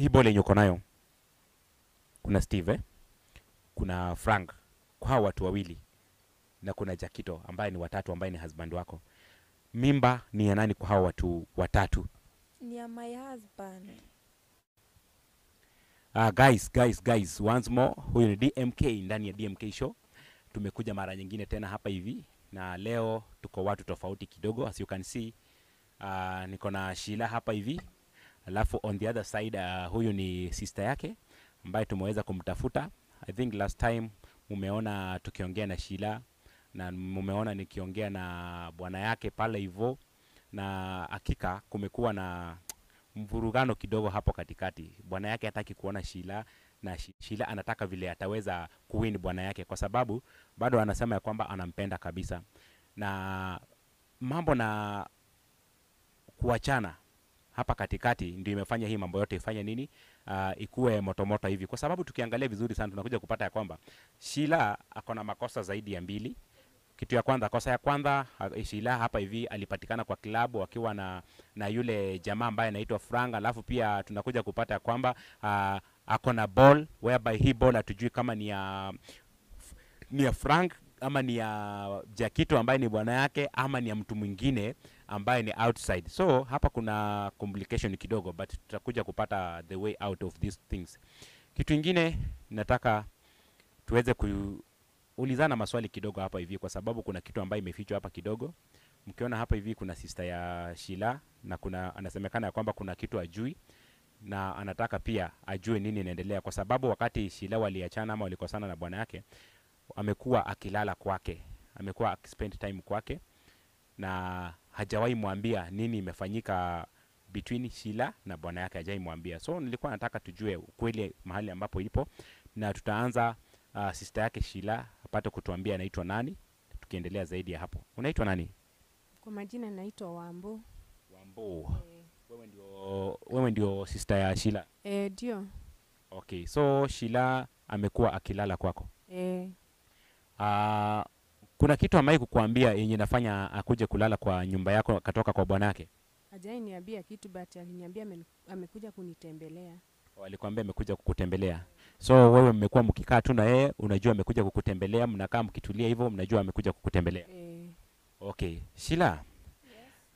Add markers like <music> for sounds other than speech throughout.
hii ball yenye uko nayo, kuna Steve eh? kuna Frank, kwa watu wawili na kuna Jakito ambaye ni watatu, ambaye ni husband wako. Mimba ni ya nani kwa hao watu watatu? Ni ya my husband. Ah, guys, guys, guys, once more, huyu ni DMK ndani ya DMK show. Tumekuja mara nyingine tena hapa hivi na leo tuko watu tofauti kidogo, as you can see. Uh, niko na Shila hapa hivi alafu on the other side uh, huyu ni sister yake ambaye tumeweza kumtafuta. I think last time mumeona tukiongea na Shila na mumeona nikiongea na bwana yake pale hivo na hakika kumekuwa na mvurugano kidogo hapo katikati. Bwana yake hataki kuona Shila na Shila anataka vile ataweza kuwin bwana yake, kwa sababu bado anasema ya kwamba anampenda kabisa, na mambo na kuachana hapa katikati ndio imefanya hii mambo yote ifanye nini, uh, ikuwe motomoto hivi, kwa sababu tukiangalia vizuri sana tunakuja kupata ya kwamba Shila ako na makosa zaidi ya mbili. Kitu ya kwanza, kosa ya kwanza, Shila hapa hivi alipatikana kwa klabu akiwa na, na yule jamaa ambaye anaitwa Frank, alafu pia tunakuja kupata ya kwamba uh, ako na ball whereby hii ball hatujui kama ni ya ni ya Frank ama ni ya Jakito ambaye ni bwana yake ama ni ya mtu mwingine ambaye ni outside. So hapa kuna complication kidogo, but tutakuja kupata the way out of these things. Kitu ingine nataka tuweze kuulizana maswali kidogo hapa hivi, kwa sababu kuna kitu ambayo imefichwa hapa kidogo. Mkiona hapa hivi kuna sister ya Shila na kuna anasemekana ya kwamba kuna kitu ajui na anataka pia ajue nini inaendelea, kwa sababu wakati Shila waliachana ama walikosana na bwana yake, amekuwa akilala kwake, amekuwa akispend time kwake na hajawahi mwambia nini imefanyika between Sheila na bwana yake, hajawahi mwambia. So nilikuwa nataka tujue ukweli mahali ambapo ipo, na tutaanza uh, sister yake Sheila apate kutuambia anaitwa nani, tukiendelea zaidi ya hapo. Unaitwa nani? Kwa majina naitwa Wambo. Wambo. Wewe ndio wewe ndio sister ya Sheila? Eh, ndio. Okay, so Sheila amekuwa akilala kwako? Eh. Uh, kuna kitu amai kukuambia yenye nafanya akuje kulala kwa nyumba yako katoka kwa bwanake? Hajai niambia kitu but aliniambia amekuja kunitembelea. Oh, alikwambia amekuja kukutembelea. So wewe mmekuwa mkikaa tu na yeye, unajua amekuja kukutembelea, mnakaa mkitulia hivyo, mnajua amekuja kukutembelea. Eh. Okay. Shila.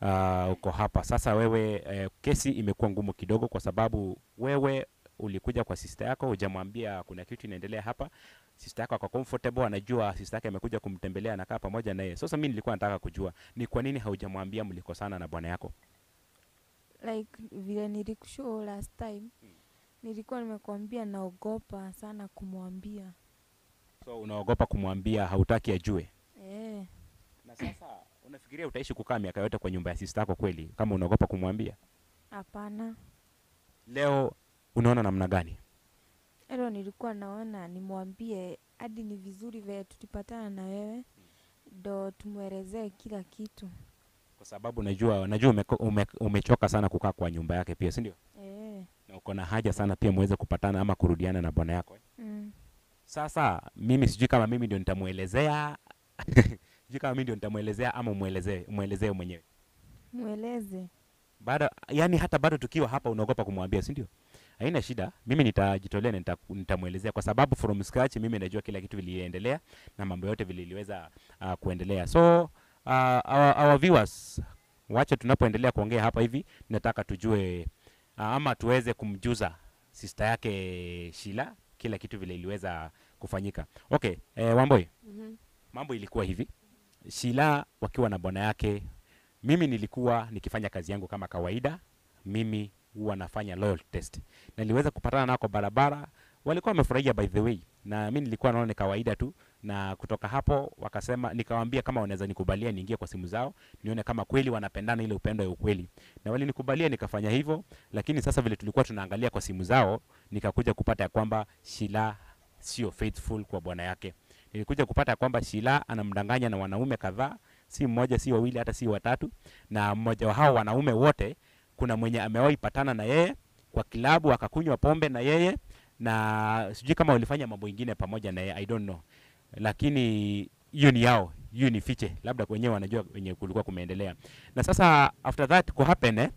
Uh, ah, uko hapa sasa. Wewe eh, kesi imekuwa ngumu kidogo, kwa sababu wewe ulikuja kwa sista yako, hujamwambia kuna kitu inaendelea hapa, sister yako ako comfortable, anajua sister yake amekuja kumtembelea, anakaa pamoja naye yeye. Sasa mimi nilikuwa nataka kujua ni kwa nini haujamwambia mlikosana na bwana yako? Like vile nilikushow last time, nilikuwa nimekuambia naogopa sana kumwambia. So unaogopa kumwambia, hautaki ajue? Eh. Na sasa unafikiria utaishi kukaa miaka yote kwa nyumba ya sister yako kweli, kama unaogopa kumwambia? Hapana. Leo unaona namna gani? Hilo nilikuwa naona nimwambie hadi ni vizuri vile tulipatana na wewe ndo tumwelezee kila kitu. Kwa sababu najua najua ume, ume, umechoka sana kukaa kwa nyumba yake pia, si ndio? Eh. Na uko na haja sana pia muweze kupatana ama kurudiana na bwana yako. Eh? Mm. Sasa mimi sijui kama mimi ndio nitamuelezea <laughs> sijui kama mimi ndio nitamuelezea ama umuelezee umuelezee mwenyewe. Mueleze. Bado yani hata bado tukiwa hapa unaogopa kumwambia, si ndio? haina shida, mimi nitajitolea na nitamwelezea, kwa sababu from scratch mimi najua kila kitu viliendelea na mambo yote vililiweza uh, kuendelea. So uh, our, our viewers, wacha tunapoendelea kuongea hapa hivi, nataka tujue uh, ama tuweze kumjuza sister yake Shila kila kitu vile iliweza kufanyika. Okay, eh, Wamboi. mm -hmm. Mambo ilikuwa hivi. Shila wakiwa na bwana yake, mimi nilikuwa nikifanya kazi yangu kama kawaida, mimi wanafanya loyal test. na Niliweza kupatana nao kwa barabara, walikuwa wamefurahia by the way, na mimi nilikuwa naona ni kawaida tu, na kutoka hapo wakasema, nikawambia kama wanaweza nikubalia niingie kwa simu zao nione kama kweli wanapendana ile upendo ya ukweli, na walinikubalia nikafanya hivyo. Lakini sasa vile tulikuwa tunaangalia kwa simu zao, nikakuja kupata ya kwamba Shila sio faithful kwa bwana yake. Nilikuja kupata ya kwamba Shila anamdanganya na wanaume kadhaa, si mmoja, si wawili, hata si watatu, na mmoja wa hao wanaume wote kuna mwenye amewahi patana na yeye kwa kilabu akakunywa pombe na yeye na sijui kama walifanya mambo ingine pamoja na yeye, I don't know, lakini hiyo ni yao, hiyo ni fiche, labda wenyewe wanajua wenye kulikuwa kumeendelea. Na sasa after that happen eh,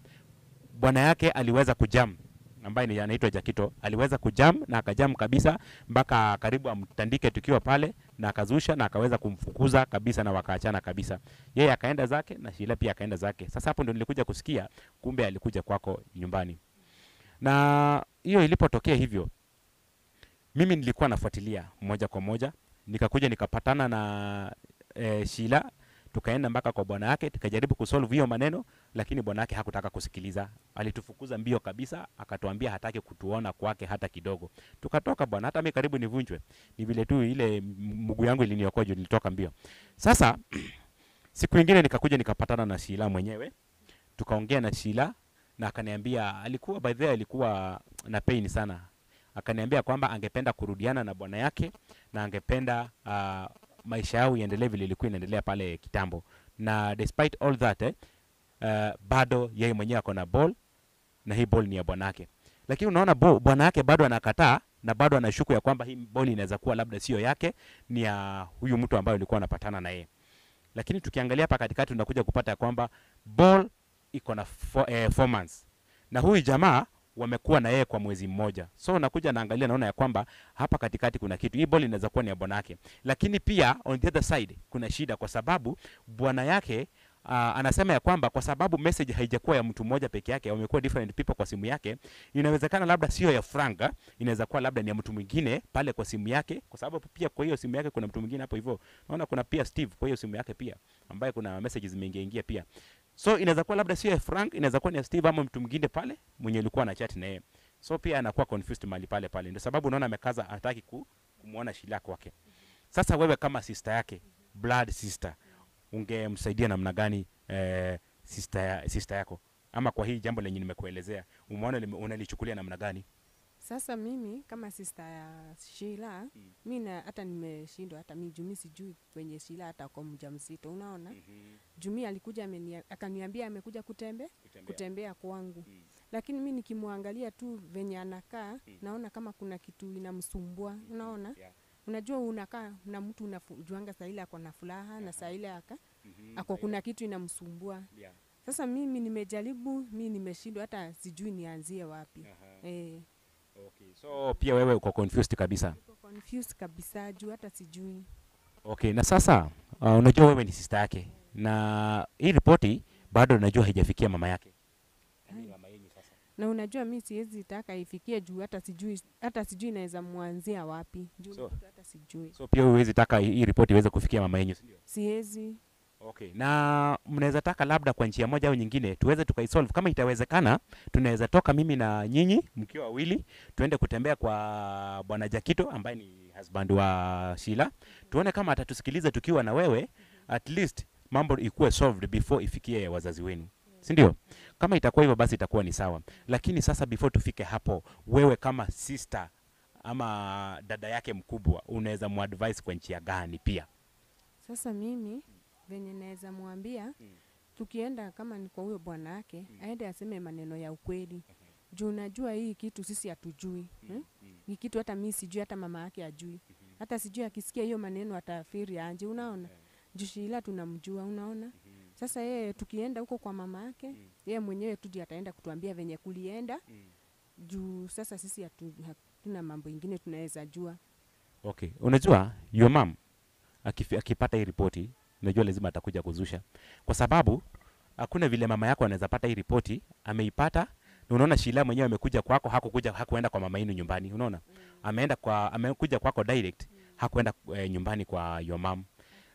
bwana yake aliweza kujam ambaye anaitwa Jakito aliweza kujam na akajam kabisa mpaka karibu amtandike tukiwa pale na akazusha na akaweza kumfukuza kabisa na wakaachana kabisa. Yeye akaenda zake na Sheila pia akaenda zake. Sasa hapo ndio nilikuja kusikia kumbe alikuja kwako nyumbani. Na hiyo ilipotokea hivyo, mimi nilikuwa nafuatilia moja kwa moja, nikakuja nikapatana na e, Sheila tukaenda mpaka kwa bwana yake, tukajaribu kusolve hiyo maneno, lakini bwana yake hakutaka kusikiliza. Alitufukuza mbio kabisa, akatuambia hataki kutuona kwake hata kidogo. Tukatoka bwana, hata mimi karibu nivunjwe. Ni vile tu ile mguu yangu iliniokoa juu nilitoka mbio. Sasa <clears throat> siku nyingine nikakuja nikapatana na Sheila mwenyewe, tukaongea na Sheila na akaniambia, alikuwa by the way, alikuwa na pain sana, akaniambia kwamba angependa kurudiana na bwana yake na angependa uh, maisha yao iendelee vile ilikuwa inaendelea pale kitambo, na despite all that eh, uh, bado yeye mwenyewe ako na ball na hii ball ni ya bwanake, lakini unaona bwana yake bado anakataa na bado anashuku ya kwamba hii boli inaweza kuwa labda sio yake, ni ya huyu mtu ambaye alikuwa anapatana na yeye. Lakini tukiangalia hapa katikati, tunakuja kupata kwamba ball iko na fo, eh, four months na huyu jamaa wamekuwa na yeye kwa mwezi mmoja. So nakuja naangalia, naona ya kwamba hapa katikati kuna kitu. Hii boli inaweza kuwa ni ya bwana yake, lakini pia on the other side kuna shida, kwa sababu bwana yake Uh, anasema ya kwamba kwa sababu message haijakuwa ya mtu mmoja peke yake, wamekuwa different people kwa simu yake. Inawezekana labda sio ya Franka, ah, inaweza kuwa labda ni ya mtu mwingine pale kwa simu yake, kwa sababu pia kwa hiyo simu yake kuna mtu mwingine hapo hivyo. Naona kuna pia Steve kwa hiyo simu yake pia, ambaye kuna messages zimeingia ingia pia. So inaweza kuwa labda sio Frank, inaweza kuwa ni Steve ama mtu mwingine pale mwenye alikuwa na na yeye. So pia anakuwa confused mali pale pale. Ndio sababu unaona amekaza hataki ku, kumuona Sheila kwake. Sasa wewe kama sister yake, blood sister, ungemsaidia namna gani eh, sister, sister yako ama kwa hii jambo lenye nimekuelezea, umeona unalichukulia namna gani? Sasa mimi kama sista ya shila mm. mi na hata nimeshindwa hata mi jumi sijui kwenye shila hata kwa mzito unaona mm -hmm. Jumi alikuja akaniambia amekuja kutembe kutembea, kutembea kwangu mm. Lakini mi nikimwangalia tu venye anakaa mm. naona kama kuna kitu inamsumbua mm -hmm. unaona yeah. Unajua unakaa na mtu unajuanga saile ako na furaha na uh-huh. saile aka mm -hmm. ako kuna kitu inamsumbua yeah. Sasa mimi nimejaribu, mi nimeshindwa, hata sijui nianzie wapi. E. Okay. So pia wewe uko confused kabisa? Uko confused kabisa juu hata sijui. Okay, na sasa uh, unajua wewe ni sister yake na hii ripoti bado najua haijafikia mama yake. Yaani ah. Mama yenyu sasa. Na unajua mimi siwezi taka ifikie juu hata sijui hata sijui naweza mwanzia wapi juu so, hata sijui. So pia huwezi taka hii ripoti iweze kufikia mama yenyu, si Siwezi. Okay. Na mnaweza taka labda kwa njia moja au nyingine tuweze tukaisolve. Kama itawezekana, tunaweza toka mimi na nyinyi mkiwa wawili tuende kutembea kwa Bwana Jakito ambaye ni husband wa Shila. Tuone kama atatusikiliza tukiwa na wewe, at least mambo ikuwe solved before ifikie wazazi wenu. Si ndio? Kama itakuwa hivyo basi itakuwa ni sawa. Lakini sasa before tufike hapo, wewe kama sister ama dada yake mkubwa unaweza muadvise kwa njia gani pia? Sasa mimi venye naweza mwambia mm. tukienda kama ni kwa huyo bwana wake mm. aende aseme maneno ya ukweli okay. Mm-hmm. juu najua hii kitu sisi hatujui mm. hmm? mm. ni kitu hata mi sijui hata mama yake ajui mm -hmm. hata sijui akisikia hiyo maneno atafiri anje unaona yeah. jushila tunamjua unaona mm -hmm. sasa yeye tukienda huko kwa mama yake mm. yeye mwenyewe tuji ataenda kutuambia venye kulienda mm. juu sasa sisi hatuna mambo ingine tunaweza jua okay unajua your mam akipata hii ripoti unajua lazima atakuja kuzusha, kwa sababu hakuna vile mama yako anaweza pata hii ripoti, ameipata na unaona Shila mwenyewe amekuja kwako, hakukuja hakuenda kwa mama yenu nyumbani, unaona ameenda kwa amekuja kwako direct, hakuenda e, nyumbani kwa your mom.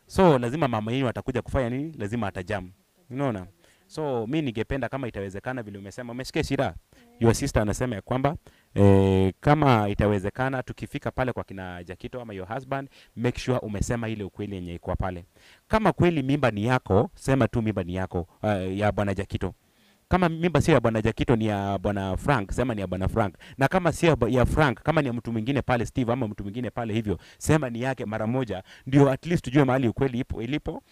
So lazima mama yenu atakuja kufanya nini? Lazima atajam, unaona. So mi ningependa kama itawezekana, vile umesema, umesikia Shira, mm. your sister anasema ya kwamba eh, kama itawezekana tukifika pale kwa kina Jakito ama your husband, make sure umesema ile ukweli yenye iko pale. Kama kweli mimba ni yako, sema tu mimba ni yako, uh, ya bwana Jakito kama mimba sio ya bwana Jakito ni ya bwana Frank, sema ni ya bwana Frank. Na kama sio ya Frank, kama ni ya mtu mwingine pale Steve ama mtu mwingine pale hivyo, sema ni yake mara moja, ndio at least tujue mahali ukweli ipo ilipo,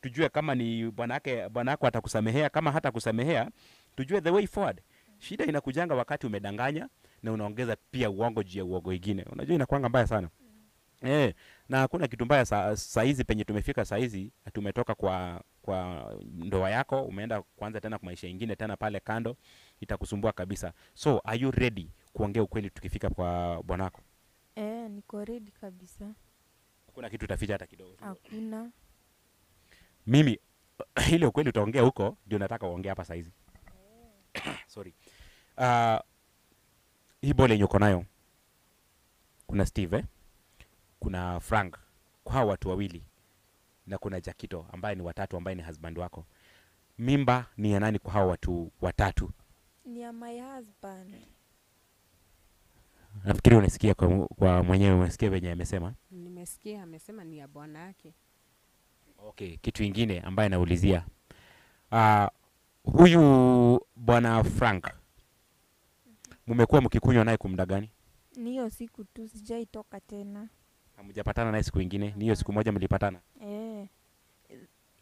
tujue kama ni bwanake bwanako atakusamehea, kama hata kusamehea, tujue the way forward. Shida inakujanga wakati umedanganya na unaongeza pia uongo juu ya uongo wengine unajua inakuanga mbaya sana. Mm. Eh, na hakuna kitu mbaya saa hizi penye tumefika saa hizi, tumetoka kwa kwa ndoa yako, umeenda kwanza tena kwa maisha mengine tena pale kando, itakusumbua kabisa. So are you ready kuongea ukweli tukifika kwa bwanako? Eh, niko ready kabisa. kuna kitu utaficha hata kidogo. Hakuna mimi <clears throat> ile ukweli utaongea huko ndio nataka uongea hapa saizi. <clears throat> Sorry. Uh, hii ball yenye uko nayo kuna Steve eh? kuna Frank kwa watu wawili na kuna Jakito ambaye ni watatu ambaye ni husband wako. Mimba ni ya nani kwa hao watu watatu? Ni ya my husband. Nafikiri unasikia kwa, kwa mwenyewe, umesikia venye amesema. Nimesikia amesema ni ya bwana yake. Okay, kitu ingine ambaye anaulizia uh, huyu bwana Frank mumekuwa mkikunywa naye kumda gani? Ni hiyo siku tu, sijaitoka tena. Hamjapatana naye siku ingine? Ni hiyo siku moja mlipatana? Eh,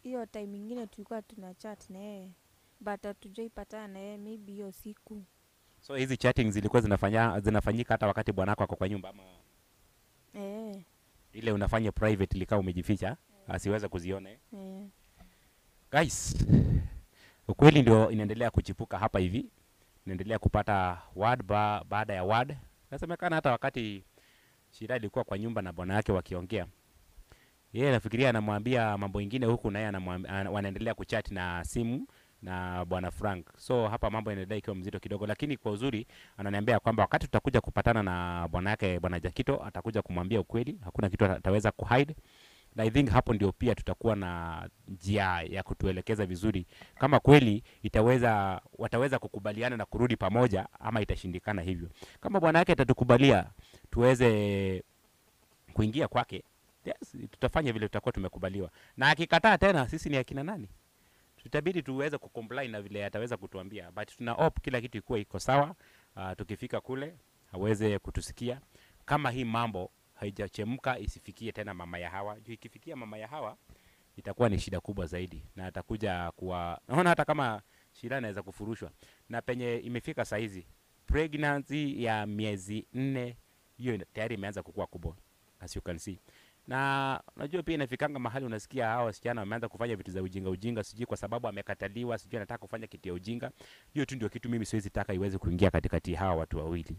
hiyo time ingine tulikuwa tuna chat na yeye but hatujaipatana na yeye, maybe hiyo siku. So hizi chatting zilikuwa zinafanya zinafanyika hata wakati bwanako ako kwa nyumba ama? Eh, ile unafanya private likaa umejificha? Eh asiweze kuziona eh? Yeah. Guys, ukweli ndio inaendelea kuchipuka hapa hivi, inaendelea kupata word ba, baada ya word. Nasemekana hata wakati Shida ilikuwa kwa nyumba na bwana yake wakiongea, yeye anafikiria anamwambia mambo ingine huku na yeye wanaendelea kuchat na simu na bwana Frank. So hapa mambo yanaendelea ikiwa mzito kidogo, lakini kwa uzuri ananiambia kwamba wakati tutakuja kupatana na bwana yake bwana Jakito, atakuja kumwambia ukweli, hakuna kitu ataweza kuhide na I think hapo ndio pia tutakuwa na njia ya kutuelekeza vizuri kama kweli itaweza wataweza kukubaliana na kurudi pamoja ama itashindikana hivyo. Kama Bwana yake atatukubalia tuweze kuingia kwake, yes, tutafanya vile tutakuwa tumekubaliwa, na akikataa tena sisi ni akina nani? Tutabidi tuweze kucomply na vile ataweza kutuambia, but tuna hope kila kitu ikuwa iko sawa. Uh, tukifika kule aweze kutusikia kama hii mambo haijachemka isifikie tena mama ya Hawa. Juu ikifikia mama ya Hawa itakuwa ni shida kubwa zaidi, na atakuja kuwa naona hata kama shida inaweza kufurushwa na penye imefika saa hizi, pregnancy ya miezi nne hiyo tayari imeanza kukua kubwa, as you can see. Na unajua pia inafikanga mahali unasikia hawa wasichana wameanza kufanya vitu za ujinga ujinga, sijui kwa sababu amekataliwa, sijui anataka kufanya kitu ya ujinga. Hiyo tu ndio kitu mimi siwezi taka iweze kuingia katikati hawa watu wawili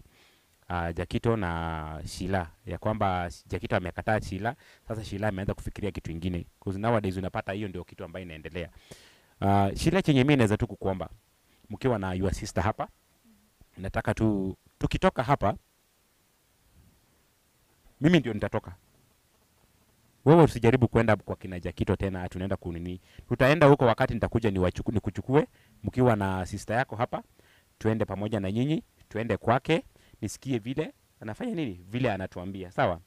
uh, Jakito na Shila ya kwamba Jakito amekataa Shila. Sasa Shila ameanza kufikiria kitu kingine, because nowadays unapata hiyo ndio kitu ambayo inaendelea. Uh, ah, Shila, chenye mimi naweza tu kukuomba mkiwa na your sister hapa, nataka tu tukitoka hapa, mimi ndio nitatoka wewe usijaribu kwenda kwa kina Jakito tena, tunaenda kunini, tutaenda huko wakati nitakuja nikuchukue, mkiwa na sister yako hapa, tuende pamoja na nyinyi, tuende kwake nisikie vile anafanya nini, vile anatuambia sawa,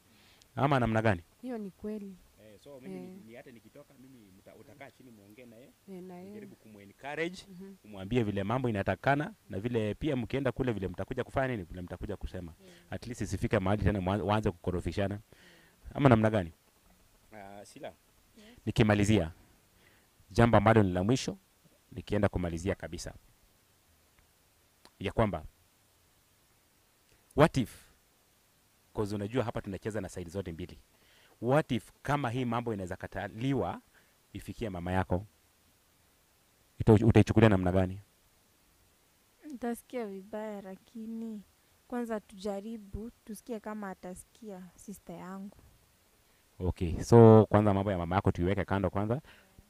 ama namna gani? Hiyo ni kweli. Eh, so mimi eh, ni hata nikitoka mimi utakaa chini muongee na yeye eh, na yeye jaribu kumencourage mm -hmm. umwambie vile mambo inatakana na vile pia mkienda kule vile mtakuja kufanya nini, vile mtakuja kusema yeah. at least isifike mahali tena waanze kukorofishana ama namna gani? Uh, sila yeah. Nikimalizia jambo ambalo ni la mwisho, nikienda kumalizia kabisa ya kwamba What if cause unajua hapa tunacheza na side zote mbili. What if kama hii mambo inaweza kataliwa ifikie mama yako, utaichukulia namna gani? ntasikia vibaya, lakini kwanza tujaribu tusikie kama atasikia sister yangu. Okay, so kwanza mambo ya mama yako tuiweke kando kwanza,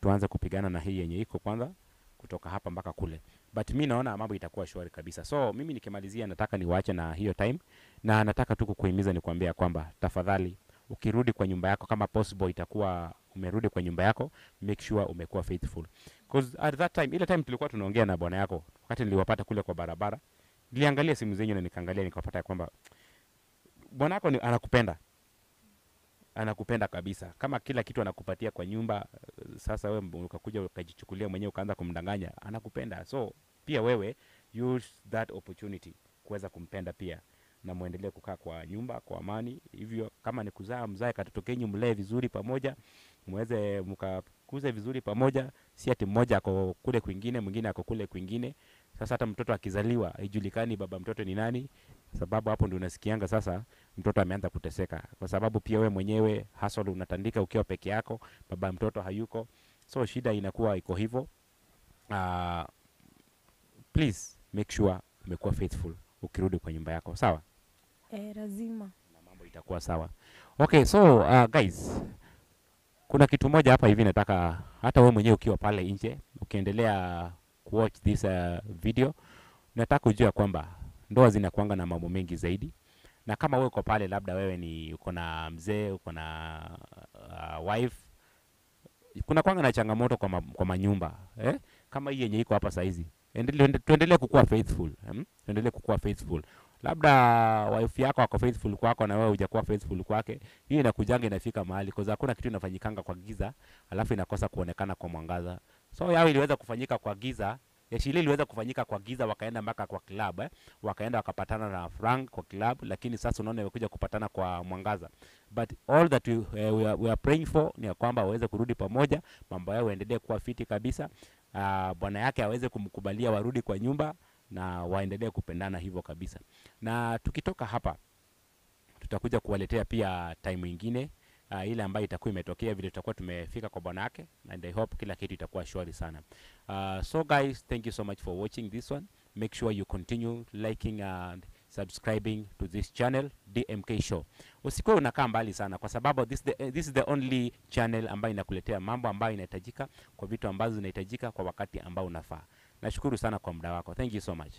tuanze kupigana na hii yenye iko kwanza kutoka hapa mpaka kule, but mi naona mambo itakuwa shwari kabisa. So mimi nikimalizia, nataka niwache na hiyo time, na nataka tu kukuhimiza nikwambia kwamba tafadhali, ukirudi kwa nyumba yako, kama possible itakuwa umerudi kwa nyumba yako, make sure umekuwa faithful, because at that time, ile time tulikuwa tunaongea na bwana yako, wakati niliwapata kule kwa barabara, niliangalia simu zenyu na nikaangalia, nikapata kwamba bwana yako anakupenda anakupenda kabisa. Kama kila kitu anakupatia kwa nyumba, sasa wewe ukakuja ukajichukulia mwenyewe ukaanza kumdanganya, anakupenda. So pia wewe use that opportunity kuweza kumpenda pia, na muendelee kukaa kwa nyumba kwa amani. Hivyo kama ni kuzaa, mzae katoto kenyu, mlee vizuri pamoja, muweze mkakuze vizuri pamoja, si ati mmoja ako kule kwingine, mwingine ako kule kwingine. Sasa hata mtoto akizaliwa haijulikani baba mtoto ni nani, sababu hapo ndio unasikianga sasa mtoto ameanza kuteseka, kwa sababu pia we mwenyewe hustle unatandika ukiwa peke yako, baba mtoto hayuko, so shida inakuwa iko hivyo. Uh, please make sure umekuwa faithful ukirudi kwa nyumba yako, sawa? Eh, lazima na mambo itakuwa sawa. Okay, so uh, guys kuna kitu moja hapa hivi nataka hata we mwenyewe ukiwa pale nje ukiendelea kuwatch this uh, video, nataka kujua kwamba ndoa zinakuanga na mambo mengi zaidi, na kama wewe uko pale, labda wewe ni uko na mzee, uko na uh, wife, kuna kwanga na changamoto kwa, ma, kwa manyumba eh? kama hii yenye iko hapa saizi. Tuendelee kukua faithful hmm? Tuendelee kukua faithful labda wife yako ako faithful kwako na wewe hujakuwa faithful kwake, hiyo inakujanga inafika mahali, kwa sababu hakuna kitu inafanyikanga kwa giza alafu inakosa kuonekana kwa mwangaza. So yao iliweza kufanyika kwa giza, jeshi hili iliweza kufanyika kwa giza, wakaenda mpaka kwa club eh, wakaenda wakapatana na Frank kwa club, lakini sasa unaona imekuja kupatana kwa mwangaza. But all that we, uh, we, are, we are praying for ni kwamba waweze kurudi pamoja, mambo yao yaendelee kuwa fiti kabisa. Uh, bwana yake aweze kumkubalia warudi kwa nyumba na waendelee kupendana hivyo kabisa. Na tukitoka hapa tutakuja kuwaletea pia time ingine uh, ile ambayo itakuwa imetokea vile tutakuwa tumefika kwa bwana yake and I hope kila kitu itakuwa shwari sana. Uh, so guys, thank you so much for watching this one. Make sure you continue liking and subscribing to this channel DMK Show. Usikuwe unakaa mbali sana kwa sababu this, the, this is the only channel ambayo inakuletea mambo ambayo inahitajika kwa vitu ambazo zinahitajika kwa wakati ambao unafaa. Nashukuru sana kwa muda wako. Thank you so much.